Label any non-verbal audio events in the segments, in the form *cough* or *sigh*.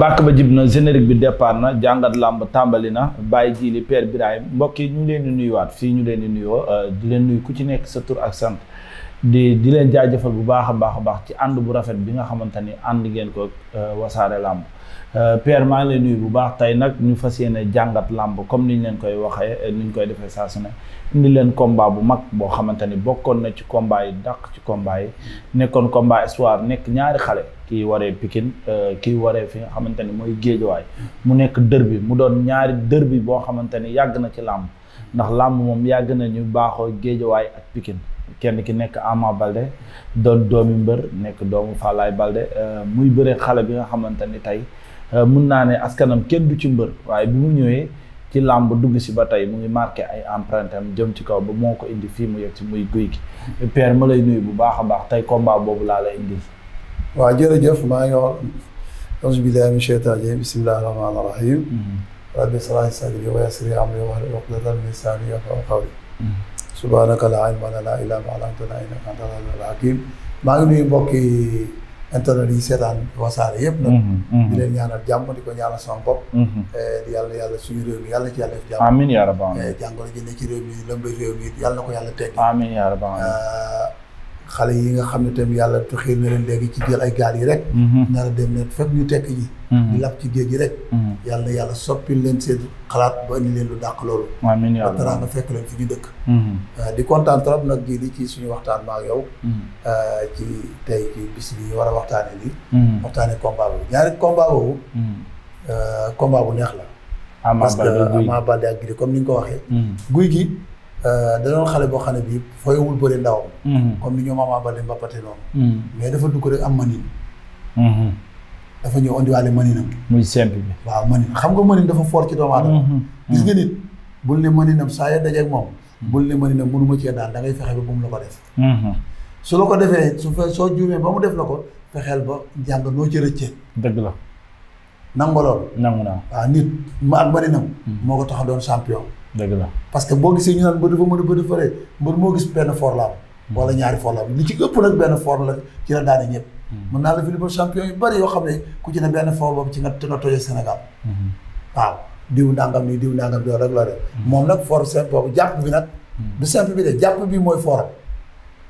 bàkk ba jib na générique bi départ na jàngat làmb tàmbali na Baye Jili Père Birahim mbokk yi ñu leen di nuyuwaat fii ñu leen di nuyoo euh, di leen nuyu ku ci nekk sa tur ak sant di di leen jaajëfal bu baax a baax a baax ci ànd bu rafet bi nga xamante ni ànd ngeen ko euh, wasaare làmb euh, Père maa ngi nuyu bu baax tey nag ñu fas yéene jàngat làmb comme niñ leen koy waxee euh, niñ koy defee saa su indi leen combat bu mag boo xamante ni bokkoon na ci combat yi ci combat nekkoon combat espoir nekk ñaari xale kii waree Pikine kii waree fi nga xamante ni mooy Géejawaay mu nekk bi mu doon ñaari dër bi boo xamante ni yàgg na ci làmb ndax làmb moom yàgg nañu baaxoo Géejawaay ak pikin kenn ki nekk Ama Balde doon doomi mbër nekk doomu Fallaye Balde euh, muy bëri xale bi nga xamante ni tey euh, mun naa ne askanam kenn du ci mbër waaye bi mu ñëwee ci làmb dugg si ba tey mu ngi marqué ay empreinte jëm ci kaw ba moo ko indi fii mu yegg ci muy guy gi père ma lay nuyu bu baax a baax tey combat boobu laa lay indi. waaw jërëjëf maa ngi wax auzu billaahi mina sheytaani rajiim bismillaahi rahmaani rahiim mm-hmm. rabbi shrah subhaanaka laa ilma lanaa illaa maa 'allamtanaa innaka anta al-'aliimul hakiim maa ngi nuyu mbokki internet yi seetaan wasaare yëpp nag mhm, mhm. di leen ñaanal jàmm di ko ñaanal sama bopp mhm. eh, di yàlla yàlla suñu réew mi yàlla ci yàlla def jàmm amiin yaa rabbal eh, jàngoro ji ne ci réew mi lëmbe réew mi xale yi nga xam ne tamit yàlla xiir na leen léegi ci jël ay gaal yi rek mhm. nar a dem ne fekk ñu tekk ji mhm. di lap ci géej gi rek mhm. yàlla yàlla soppi leen seet xalaat ba indi leen lu dàq loolu amiin yàlla dara nga fekk leen fi ñu dëkk euh, di kontaan trop nag gii di ci suñu waxtaan ma ak yow euh, ci tey ci bis bi war a waxtaane li waxtaane combat ñaari combat boobu euh, bu neex la parce que Ama ak Gris comme ni nga ko waxee guy gi Euh, da doon xale boo xam ne bii fooyewul bëri ndaw. Mhm. comme ni ñoom Ama Baldé mbappate noonu. Mhm. mais dafa dugg rek am manin. Mhm. dafa ñëw indiwaale maninam. muy simple bi. waaw manin xam nga manin dafa fort ci doomu aadama. gis nga nit bul ne maninam saa yoo dajeeg moom. bul ne maninam mënuma cee daan da ngay fexe la ko def. su la ko defee su soo juumee ba mu def la ko fexeel ba jàng noo ci rëccee. la. nangu lool. nangu naa nit ma ak maninam. moo ko tax a doon champion. dëgg la parce que boo gisee ñu naan mbër dafa mën a bëri fële mbër moo gis benn for la am wala ñaari for la ci ëpp nag benn for la ci la hmm. naa la fi libal champion yu ne ku ci ne benn for boobu ci nga ci nga tojee hmm. waaw diw nangam nii diw nangam diw rek la de hmm. moom nag for simple boobu jàpp bi nag du simple bi de jàpp bi mooy foram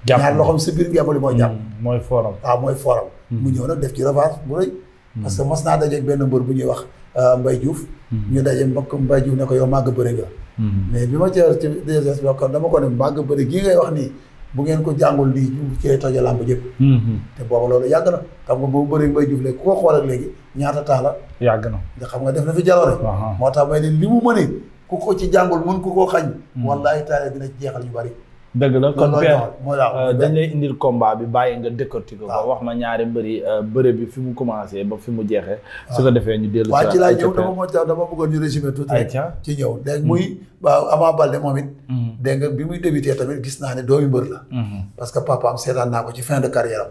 jàpp ñaar loxoom si biir ngeebali mooy jàpp mooy foram waaw mooy foram mu ñëw nag def ci revanche bu rëy parce que naa dajeeg benn mbër bu ñuy wax euh, Mbaye Diouf ñu daje mbokk Mbaye Diouf ne ko yow màgg bëri Mm-hmm. mais bi ma cee ci DSS bi kon dama ko ne màgg bëri gii ngay wax nii bu ngeen ko jàngul di ñu cee toja làmb jëpp mm-hmm. te boobu loolu yàgg na xam nga boobu bëri mbay juf léegi ku ko xool ak léegi ñaata taa la yàgg na nga xam nga def na fi jaloore uh-huh. moo tax may ne li mu mënee ku ko ci jàngul mun ku koo xañ mm-hmm. wallahi taala dina ci jeexal ñu bari dëgg la kon père euh, dañ bi bàyyi nga décortiquer ko wax ma ñaari mbëri euh, bëre bi fi mu commencé ba fi mu jeexee su ko defee ñu dellu waaw ci laa ñëw dama mm-hmm. moom it mm-hmm. dégg bi muy débuté tamit gis naa ne doomi mbër la mm-hmm. parce que papaam seetaan naa ko ci fin carrière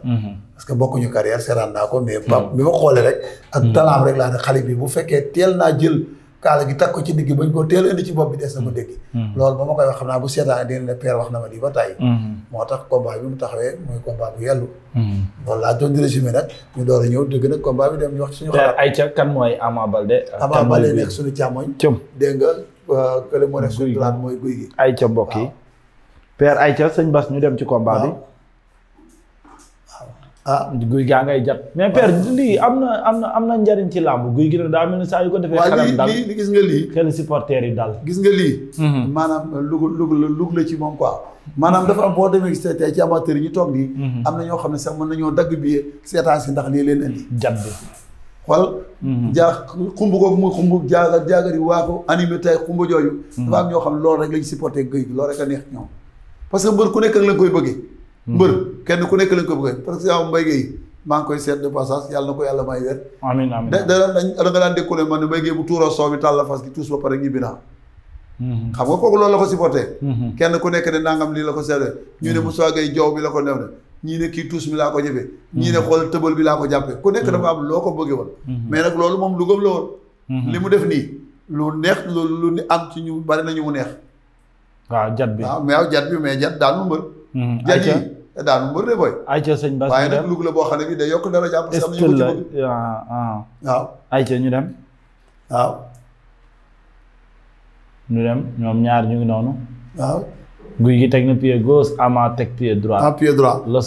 parce que bokkuñu carrière seetaan naa ko mais pap bi ma xoolee rek ak talaam rek laa ne xale bi bu fekkee teel naa jël kaala gi takk ko ci digg bañ ko teel a indi ci bopp bi de na ko mm. dégg. Mm. loolu ba ma koy wax xam naa bu seetaan a ne père wax na ma lii ba tàyyi. Mm. moo tax combat bi mu taxawee muy combat bu yellu. loolu laa doon di résumé nag ñu door a ñëw dëgg nag combat bi dem ñu wax suñu xalaat. ay ca kan mooy Ama Baldé. Ama Baldé nekk suñu càmmoñ. cëm dégg nga kële moo nekk suñu. guy mooy guy gi. ay ca mbokk yi. père ay ca sañ Bas ñu dem ci combat bi. ah guy gaa ngay jat mais père lii am na am na am na njariñ ci làmb guy gi nag daa mel ni saa yu ko defee. xelam dal lii gis nga lii. xel supporters yi dal. gis nga lii. Mhm. maanaam lug lug lug la ci moom quoi. maanaam dafa am boo demee gis tey ci amateur yi ñu toog mhm. am na ñoo xam ne sax mën nañoo dagg billet seetaan si ndax lii leen indi. jat bi. xool mhm. jaa xumb kooku mu xumb jaagar jaagar yi waa ko animé tay xumb jooju. dafa am ñoo xam ne loolu rek lañ supporté guy gi loolu rek a neex ñoom. parce que mbër ku nekk ak koy bëggee Mhm. mbër kenn ku nekk lañ ko bëgg parce que Mbaye Guèye maa ngi koy seet passage yàlla na ko yàlla may wér amiin da da nga daan dégg ne man ne Mbaye Guèye bu tuuroo soow tàll fas gi tuus ba pare ñibbi naa mhm. xam nga kooku loolu la ko supporté mhm. kenn ku nekk ne nangam lii la ko seetee ñu ne Moussa Guèye joow bi la ko new ne ñii ne kii tuus mi laa ko jëfee ñii ne xool tëbal bi laa ko jàppee ku nekk dafa am loo ko bëggee woon mais nag loolu moom lu la woon li te daanu mbër de booy. ayca sëñ Bass waaye nag la boo xam ne bi day yokk dara jàpp. est ce que la ah, ah. waaw waaw. ayca ñu dem. waaw. ñu dem ñoom ñaari ñu ngi noonu. waaw. guy gi teg na pied gauche ama teg pied droit. ah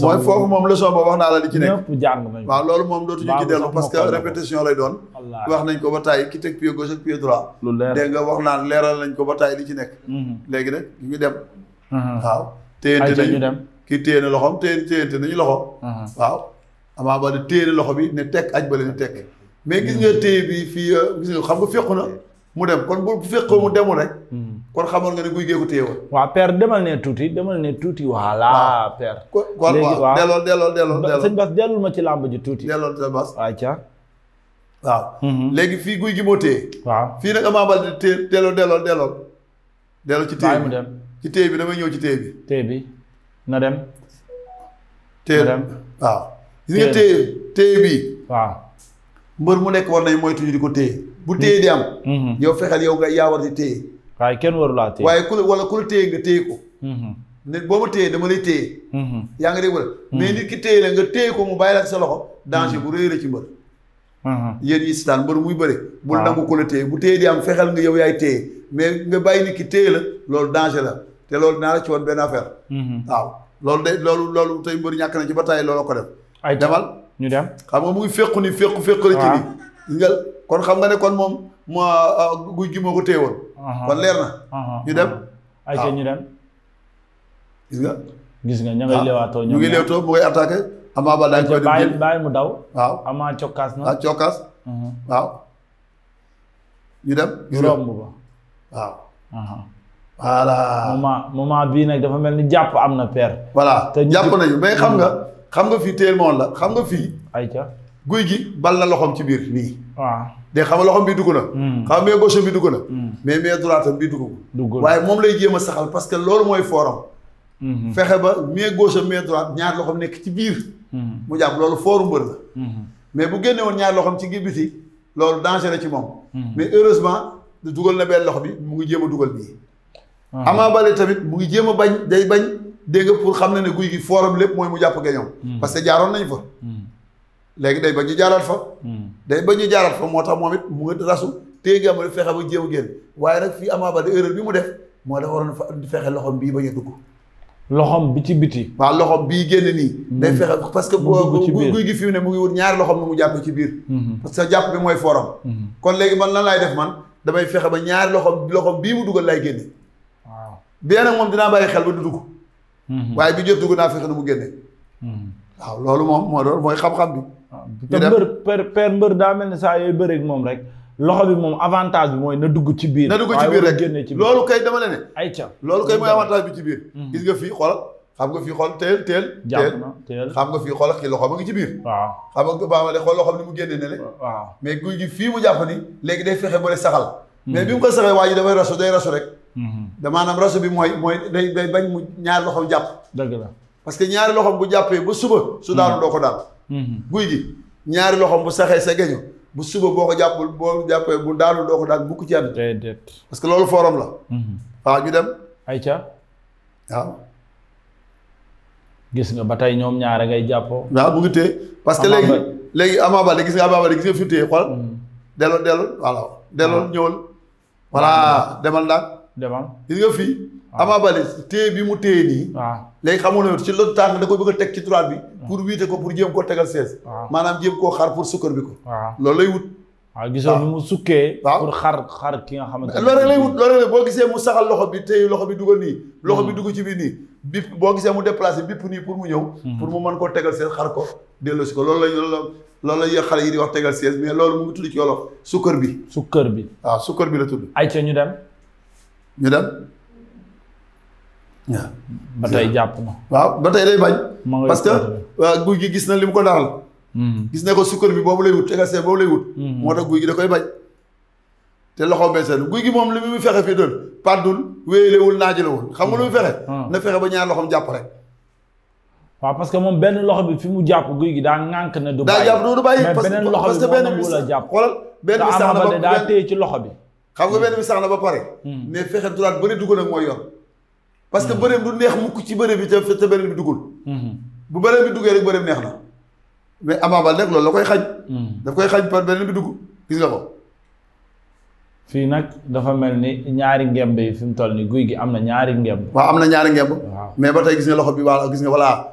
mooy foofu moom leçon ba wax naa la li ci nekk. ñëpp jàng nañu waaw loolu moom dootuñu ci dellu parce que répétition lay doon. wax nañ ko ba tàyyi ki teg pied gauche ak pied droit. lu leer dégg nga wax naan leeral nañ ko ba li ci nekk. Mhm. léegi nag ñu dem. Mhm. waaw dem. kii téye na loxoom téye téyante nañu loxo. Uh-huh. waaw Ama Baldé téye na loxo bi ne tekk aj ba leen tek mais gis nga téye bi fii euh, gis nga xam nga fekku na mu dem kon bu fekkoo mu demul rek. Hmm. kon xamoon nga ne guy geeku téye woon. waaw père demal ne tuuti demal ne tuuti. voilà père. léegi waaw delloo delloo delloo. sëñ Bas dellul ma ci làmb tuuti. delloo sëñ Bas. waaw waaw. Hmm. léegi fii guy gi moo fii nag Ama Baldé téye delloo delloo delloo. delloo ci téye ci téye bi damay ñëw ci téye bi. téye bi. na dem. téye waaw. gis nga téye téye bi. waaw. mbër mu nekk war nañ moytu ñu di ko téye. bu téye di am. Mhm. yow fexeel yow nga yaa war di téye. waaye kenn waru laa téye. waaye ko la wala ku la téye nga téye ko. Mhm. ne boo ma téye dama lay téye. Mhm. yaa ngi dégg wala. mais nit ki téye la nga téye ko mu bàyyi la ci sa loxo. danger bu rëy la ci mbër. yéen ñi sitaan mbër muy bëri. bul nangu ko bu téye di am fexeel nga yow yaay téye mais nga bàyyi nit ki téye la loolu danger la. te loolu naa la ci woon benn affaire. Mhm. waaw loolu de loolu loolu tey mbër ñàkk na ci ba tey loolu ko def. ay demal ñu dem. xam nga mu ngi féqu ni féqu féqu nii. nga kon xam nga ne kon moom ma ah, guy gi ko téye woon. Uh-huh. kon leer na. Uh-huh. ñu dem. Uh-huh. ay ca ñu dem. gis nga. gis nga ña ngay ah, leewaatoo ñu ngi leewaatoo mu ngay attaqué. Ama Baldé daañu koy dem mu daw. waaw Ama cokkaas na. ah cokkaas. waaw. ñu dem. ñu romb ba waaw. voilà moment moment bii nag dafa mel ni jàpp am na per voilà jàpp nañu mais xam nga. xam nga fii téel moon la xam nga fii. ay ca guy gi bal na loxoom ci biir nii. waaw de xam nga loxoom bi dugg na. Hmm. xam nga gauche bi dugg na. Hmm. mais mais droite bi duggul. duggul waaye moom lay jéem a parce que loolu mooy forum. Hmm. fexe ba mais gauche mais droite ñaar loxoom nekk ci biir. mu jàpp loolu fooru mbër la. mais bu génne woon ñaar loxoom ci biti loolu danger la ci moom. mais heureusement dugal na benn loxo bi mu ngi jéem a dugal bii. Ah. Ama Baldé tamit mu ngi jéem a bañ day bañ dégg nga pour xam ne ne guy gi fooram lépp mooy mu jàpp geñoom hmm. parce que jaaroon nañ fa hmm. léegi day bañ ñu jaaraat fa hmm. day bañ ñu jaaraat fa moo tax moom it mu nga rasu te gàmmal fexe ba jéem a génn waaye nag fii Ama Baldé erreur bi mu def moo dafa waroon fexe loxom bii bañ a dugg loxom bi ci biti waa loxom bii génn nii day fexe parce que guy gi fi mu ne mu ngi wut ñaari loxom nu mu jàpp ci biir parce que jàpp bi mooy fooram kon léegi man lan laay def man damay fexe ba ñaari loxom loxom bii mu dugal lay génne bien nag moom dinaa bàyyi xel ba du dugg mhm. waaye bi jot dugg naa fexe na mu génne mhm. waaw loolu moom moo doon mooy xam-xam bi ah, te mbër per per mbër daa mel ni saa yooyu bëreeg moom rek loxo bi moom avantage bi mooy na dugg ci biir na dugg ci biir rek loolu kay dama la ne ay ca loolu kay mooy avantage bi ci biir mhm. gis nga fii xoolal xam nga fii xool teel teel teel xam nga fii xoolal kii loxo ma ngi ci biir waaw xam nga baamale xool loxo ni mu génnee ne le waaw mais guy gi fii mu jàpp ni léegi day fexe ba le saxal mais bi mu ko saxee waa ji dafay rasu day rasu rek Mhm. da maanaam rasu bi mooy mooy day day bañ mu ñaari loxoom jàpp. dëgg la parce que ñaari loxoom bu jàppee ba suba. su daanu mhm. doo ko daal. Mhm. guy ñaari loxoom bu saxee sa bu suba boo jàppul boo jàppee bu daanu doo daal ci ànd. déedéet parce que loolu forum la. waaw ñu dem. ayca. waaw. gis nga ba tey ñoom ñaare ngay jàppoo. waaw mu ngi téye parce que léegi léegi Ama Baldé gis nga Ama Baldé gis nga fi téye xool. delloo delloo voilà delloo ah. ñëwal. Ah. demal nag. demal gis nga fii. Ah. Ama Baldé téye bi mu téye nii. waaw ah. léegi xamoo ne ci loolu tànk da ko bëgg teg ci droite bi. Ah. pour wiite ko pour jéem koo tegal seize. maanaam jéem koo xar pour sukkar bi ko. waaw loolu lay wut. waaw gisoo mu sukkee. waaw pour xar xar ki nga xamante ne. loolu lay wut loolu lay boo gisee mu saxal loxo bi téye loxo bi dugal nii. Hmm. loxo bi dugg ci biir bi boo gisee mu déplacé bipp nii pour mu ñëw. Hmm. pour mu mën koo tegal seize xar ko delloosi ko loolu lañ loolu la ñuy xale yi di wax tegal seize mais loolu mu ngi tudd ci wolof sukkar bi. sukkar bi waaw sukkar bi la tudd. ayca ñu dem. ñu dem. waaw ba tey jàpp na. waaw ba tey day bañ. parce que waaw guy gi gis na li mu ko daral hmm. gis ne ko sukkar bi boobu lay wut égassé boobu lay wut. Hmm. moo tax guy da koy bañ. te loxo benn seen guy gi moom li muy fexe fii doon pàddul wéyelewul naajalewul xam nga lu muy fexe. Hmm. na fexe ba ñaar loxoom jàpp rek. waaw parce que moom benn loxo bi fi mu jàpp guy gi daa ŋànk ne. du bàyyi daa jàpp du du bàyyi parce que beneen loxo bi moom la jàpp. xoolal benn sax na ba daa téye ci loxo bi. xam nga hmm. benn bi sax na ba pare. mais hmm. fexe duraat bëri dugal ak mooy yor. parce que hmm. bëreem du neex mukk ci bëreem bi te te bëreem bi duggul. bu bëreem bi duggee rek bëreem neex na. mais Ama Baldé nag la koy xañ. daf koy xañ par beneen bi dugg gis nga nag dafa mel ni ñaari ngemb yi fi mu toll ni guy gi am na ñaari ngemb. waa am na ñaari ngemb. mais ba tey gis nga loxo bi waa gis nga voilà.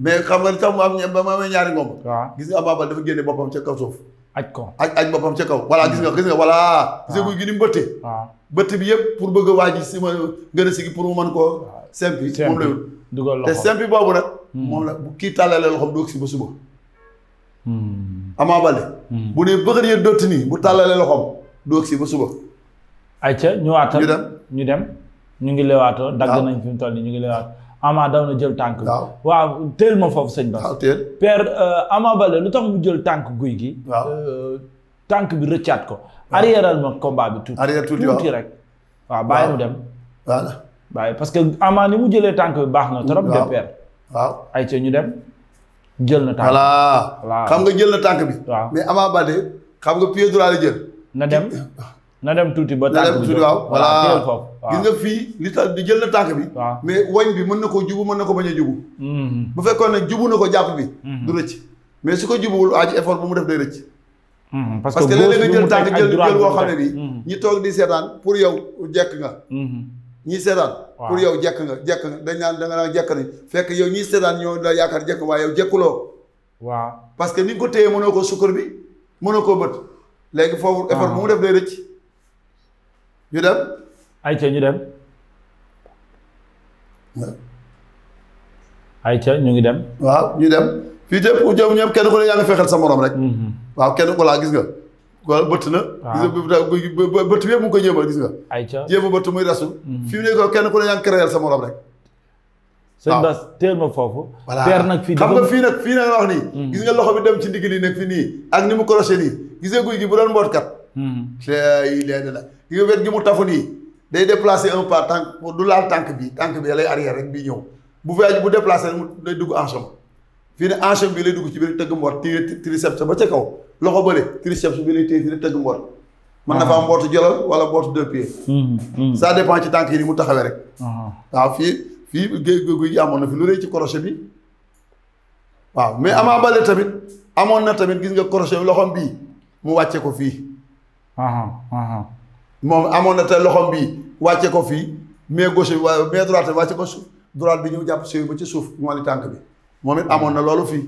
mais xam nga tax mu am ba mu amee ñaari ngemb. waa gis nga Ama Baldé dafa génne boppam ca kaw suuf. aj ko aj aj boppam ca kaw voilà gis nga gis nga voilà gis nga guy ah. gi ni mu bëtt ah. bi yëpp pour bëgg a waa ji si ma gën a sigi pour mu mën koo simpi moom la wut dugal boobu nag hmm. moom la bu kii tàllalee loxoom doog si ba suba hmm. Ama Baldé hmm. bu ne bëgër yee dotti nii bu tàllalee loxoom doog si ba suba ay ca ñu waatal ñu dem ñu ngi lewaatoo dagg ah. nañ fi mu toll nii ñu ngi lewaatoo Ama daw na jël tànk. waaw waaw teel ma foofu sëñ Ba. waaw teel père euh, Ama Baldé lu tax mu jël tànk guy gi. waaw euh, tànk bi rëccaat ko. arrièreal ma combat bi tuuti. tuuti rek. waaw bàyyi mu dem. bàyyi parce que Ama ni mu jëlee tànk bi baax na trop. de père waaw ay ca ñu dem. jël na tànk voilà. xam nga jël na tànk bi. waaw mais Ama Baldé xam nga pied droit jël. na dem *laughs* na dem tuuti ba tànk bi tuuti waaw voilà nga fii li tax di jël na tànk bi mais wañ bi mën na koo jubu mën na ko bañ a mm-hmm. bu fekkoon ne jubu na ko jàpp bi mm-hmm. du rëcc mais su ko jubuwul aaj effort bu mu def day rëcc mm-hmm. parce que léeg-léeg nga jël tànk jël xam ne nii ñi toog di seetaan pour yow jekk nga ñi seetaan pour yow jekk nga jekk nga dañ naan da nga naan jekk ni yow ñi seetaan ñoo la yaakaar jekk waaye yow jekkuloo waaw parce que ni nga ko téye mënoo ko sukkar bi mënoo koo bët léegi foofu effort bu mu ah. def day rëcc ñu dem. ayca ñu dem. ayca ñu ngi dem. waaw ñu dem fii te pour jëm ñëpp kenn ku ne yaa ngi fexeel sa morom rek. Mhm. waaw kenn ku laa gis nga. wala bëtt na. waaw gis nga bëtt bi yëpp mu gis nga. ayca jéem a bëtt muy rasu. Mhm. fi mu ne ko kenn ku ne yaa ngi créer sa morom rek. sëñ Bass teel ma foofu. voilà nag fii xam fii nag fii nag wax nii. Mhm. gis nga loxo bi dem ci ndigg li nekk fii nii. ak ni mu croché nii gisee guy gi bu doon mboot kat. tey la. gi nga wet gi mu tafu nii day déplacer en pas tànk du laal tànk bi tànk bi lay arrière rek bi ñëw bu voyage bu déplacé rek lay day dugg enchaînement fii ne enchaînement bi lay dugg ci biir tëgg mboot téye triceps ba kaw loxo bële triceps bi lay téye ci tëgg mboot mën na fa am mbootu ah. jëlal wala mbootu deux pieds sa hmm, hmm. dépend ci tànk yi ni mu taxawee rek ah. waaw fii fii géej googu yi amoon na fi lu rëy ci crochet bi waaw mais Ama Baldé tamit amoon na tamit gis nga crochet bi loxoom bii mu wàcce ko fii ah, moom amoon na te loxoom bi wàcce ko fii mais gauche bi waaye mais droite bi wàcce ko suuf droite bi ñëw jàpp séew ba ci suuf moo li tànk bi moom it amoon na loolu fii.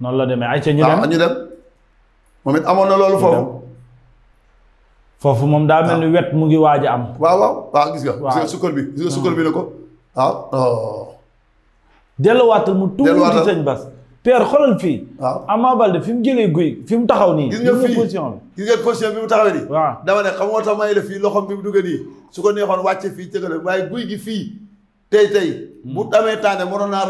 noonu la demee ay ca ñu ah, dem ñu dem moom it amoon na loolu foofu. foofu moom daa mel ni wet mu ngi waaj a am. waaw waaw waaw ah, gis nga. gis bi gis nga ah. sukkar bi ne ko waaw. Oh. delluwaatal mu tuuti sëñ Bas. Père xoolal fii. waaw Ama Baldé fi mu jëlee guy fi mu taxaw nii. gis nga fii position bi gis nga position bi mu taxawee nii. dama ne xam nga tax may la fii loxoom bi mu duggee nii su ko neexoon wàcce fii tëgale waaye guy gi fii tey tey. bu hmm. amee tànne mënoon naa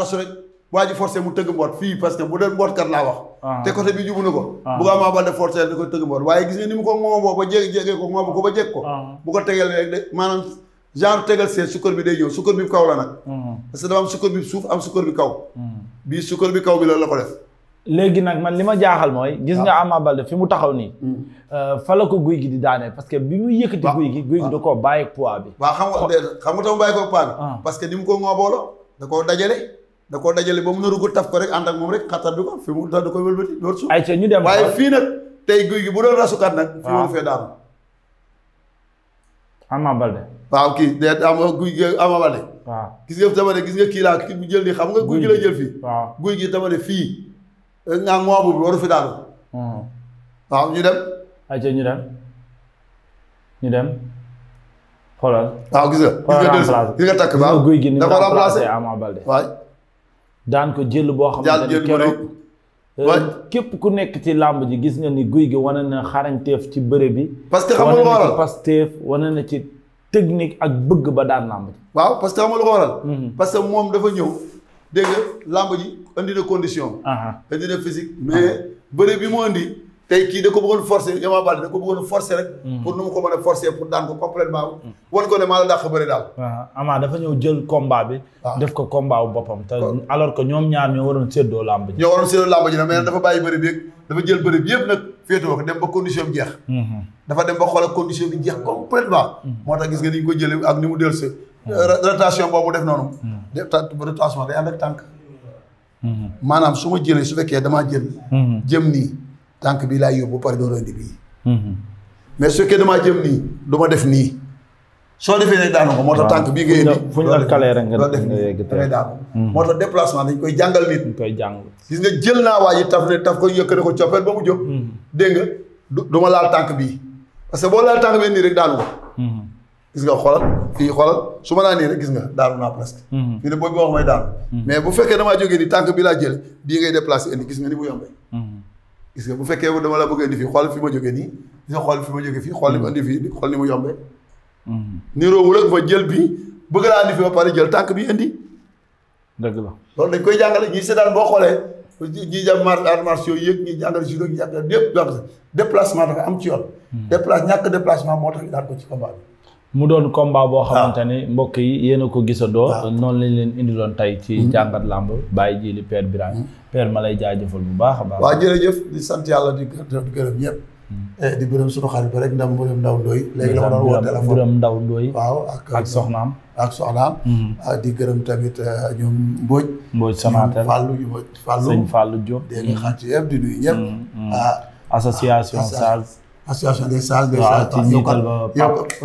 waa ji mu tëgg mboot fii parce que bu doon mboot kat laa wax. Ah. te côté bi jubu na ko. Ah. bu ko Ama Baldé forcé ko tëgg mboot waaye gis nga ni mu ko ŋoomoo ba jéggi ko ŋoomu ko ba jég ko. bu ko tegalee rek de maanaam genre tegal seet sukkar bi day ñëw sukkar bi kaw la nag. Mm-hmm. parce que dafa am sukkar bi suuf am sukkar bi kaw. Mm-hmm. bii sukkar bi kaw bi loolu la ko def. léegi nag man li ma jaaxal mooy. gis nga ah. Ama Baldé fi mu taxaw nii. Mm-hmm. Euh, fa la ko guy gi di daaneel que bi mu yëkkati. guy gi guy gi da bi. waaw xam nga xam nga tam bàyyi ko ah. parce que ni mu ko ŋoobooloo da koo dajale. da koo dajale ba mu naru ko taf ko rek ànd ak moom rek xattar bi ko fi mu da ko waaye fii nag tey guy gi bu doon rasukat nag. fi mu fee daanu. Ama Balde. waaw kii de ama guy Ama Balde. waaw gis nga tamane gis nga kii laa jël nii xam nga guy gi la jël fii. waaw guy gi tamane fii. Eh, nga ngoobu bi waru fi daanu. Hmm. waaw ñu dem. ayca ñu dem ñu dem xoolal. waaw gis nga gis Balde. daan ko jël boo. xamante ne keroog Euh, képp ku nekk ci làmb ji gis nga ni guy gi wane na xarañteef ci bëre bi. parce que xam waral wane na ci technique ak bëgg ba daan làmb waaw parce que xam nga mhm. parce que moom dafa ñëw dégg nga làmb ji indi na condition. Uh-huh. indi na physique mais uh-huh. bëre bi mu indi. tey kii da ko bëggoon forcer Ama Baldé da ko bëggoon forcer rek. Hmm. pour nu mu ko mën a forcer pour daan ko complètement wan ko ne maa la dàq bëri daal. Ah. ko combat bu boppam. te alors que ñoom ñaar ñoo waroon séddoo làmb ji. dafa bàyyi bëri bi dafa yëpp nag féetewoo ko dem ba hmm. dafa dem ba xoolal condition bi jeex complètement hmm. moo tax gis nga ni ñu ko jëlee ak ni mu dellu si. boobu def noonu. def rotation day ànd ak tànk. maanaam su ma jëlee su fekkee damaa jël. jëm nii tànk bii laay yóbbu pare doon indi bii. Mhm. mais su fekkee damaa jëm nii du def nii. soo defee daanu nga da ngay daanu. Mhm. moo tax déplacement dañ koy jàngal nit. dañ koy jàng gis nga jël naa waa ji taf ne taf ko yëkkati ko coppet ba mu jóg. Mhm. dégg nga du du ma laal tànk bii parce boo laal tànk bii nii rek daanu ko. gis nga xoolal fii xoolal su ma naa nii rek gis nga daanu naa presque. fii ne boobu ma mooy daanu. mais bu fekkee damaa jógee nii tànk bi laa jël bii ngay déplacé gis nga bu fekkee dama la bëgg a fii xool fi ma jógee nii gis nga xool fi ma jógee fii xool li ma indi fii xool ni mu yombee. Mm-hmm. niroowul jël bi bëgg laa indi fi ba pare jël tànk bi indi. dëgg la loolu dañ koy jàngale ñi seetaan boo xoolee ñi jàng mar arts martiaux yëg ñi jàngale judo ñi jàngale yëpp donc déplacement dafa am ci yoon. Mm-hmm. déplace ñàkk déplacement moo tax ñu daan ko ci combat mu doon combat boo ah. xamante ni mbokk yi yéen a ko gisandoo. Ah. noonu lañ leen indiloon tey ci mm-hmm. jàngat làmb bàyyi ji li Père Birahim père ma lay jaajëfal bu baax a baax. waaw jërëjëf di sant yàlla di gërëm ñëpp. Hmm. Eh, di gërëm suñu xarit ba rek ndam Birame Ndaw Ndoye. léegi la ma doon woo téléphone Ndaw Ndoye. waaw ak ak euh, Soxnaam. ak Soxnaam. Hmm. Ah, di gërëm tamit euh, ñoom Mbodj. Mbodj Sonatel Fallou Mbodj Fallou. sëñ Fallou di nuyu ñëpp. Hmm, ah. association ah, SARS. association des sages des sages. waaw yokkal yokkal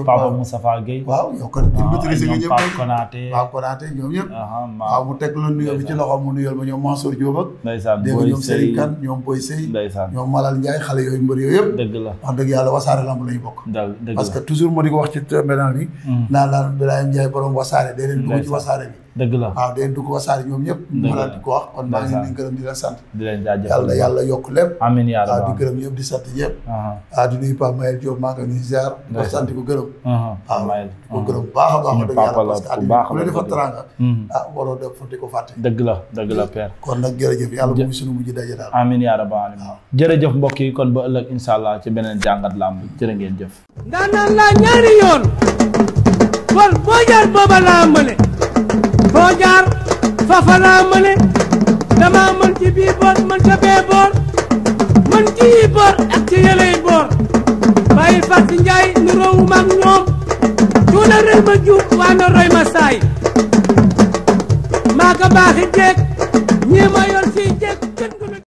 Papa ñoom ñëpp. Ah, ah, waaw mu teg la nuyoo bi ci loxo mu nuyoo ma ñoom Mansour Diop dégg ñoom Serigne Kane ñoom Boy Sey. ñoom Malal Ndiaye xale yooyu mbër yooyu yëpp. wax dëgg yàlla wasaare lamb la ñu bokk. dëgg la parce que toujours moo di ko wax ci mbénal bi. Mm. naan daal Birahim Ndiaye borom wasaare day leen dugg ci wasaare bi. dëgg la waaw den du ko wasaare ñoom di ko wax kon maa ngi leen yokk lépp amiin yàlla waaw di gërëm ñëpp di sant ñëpp uh-huh. waaw di nuyu Pape Mayel Diop maa ngi nuyu ziar ko sant uh-huh. ko uh-huh. a baax dëgg la ah, defa la dëgg kon nag jërëjëf yàlla muy suñu mujj daje daal amiin yaa rabbal aalamiin waaw yi kon ba ëllëg insha ci beneen jàngat lamb jërë laa ñaari yoon war boo jaar booba laa mëne foo jaar fafanaa mëne dama mën ci bii boor mën ca bee boor mën ci ak ci boor bàyyi fàtt njaay nu roowu maag ñoom cuuna rëy ma waa na roy maa ko baaxi ñii ma yor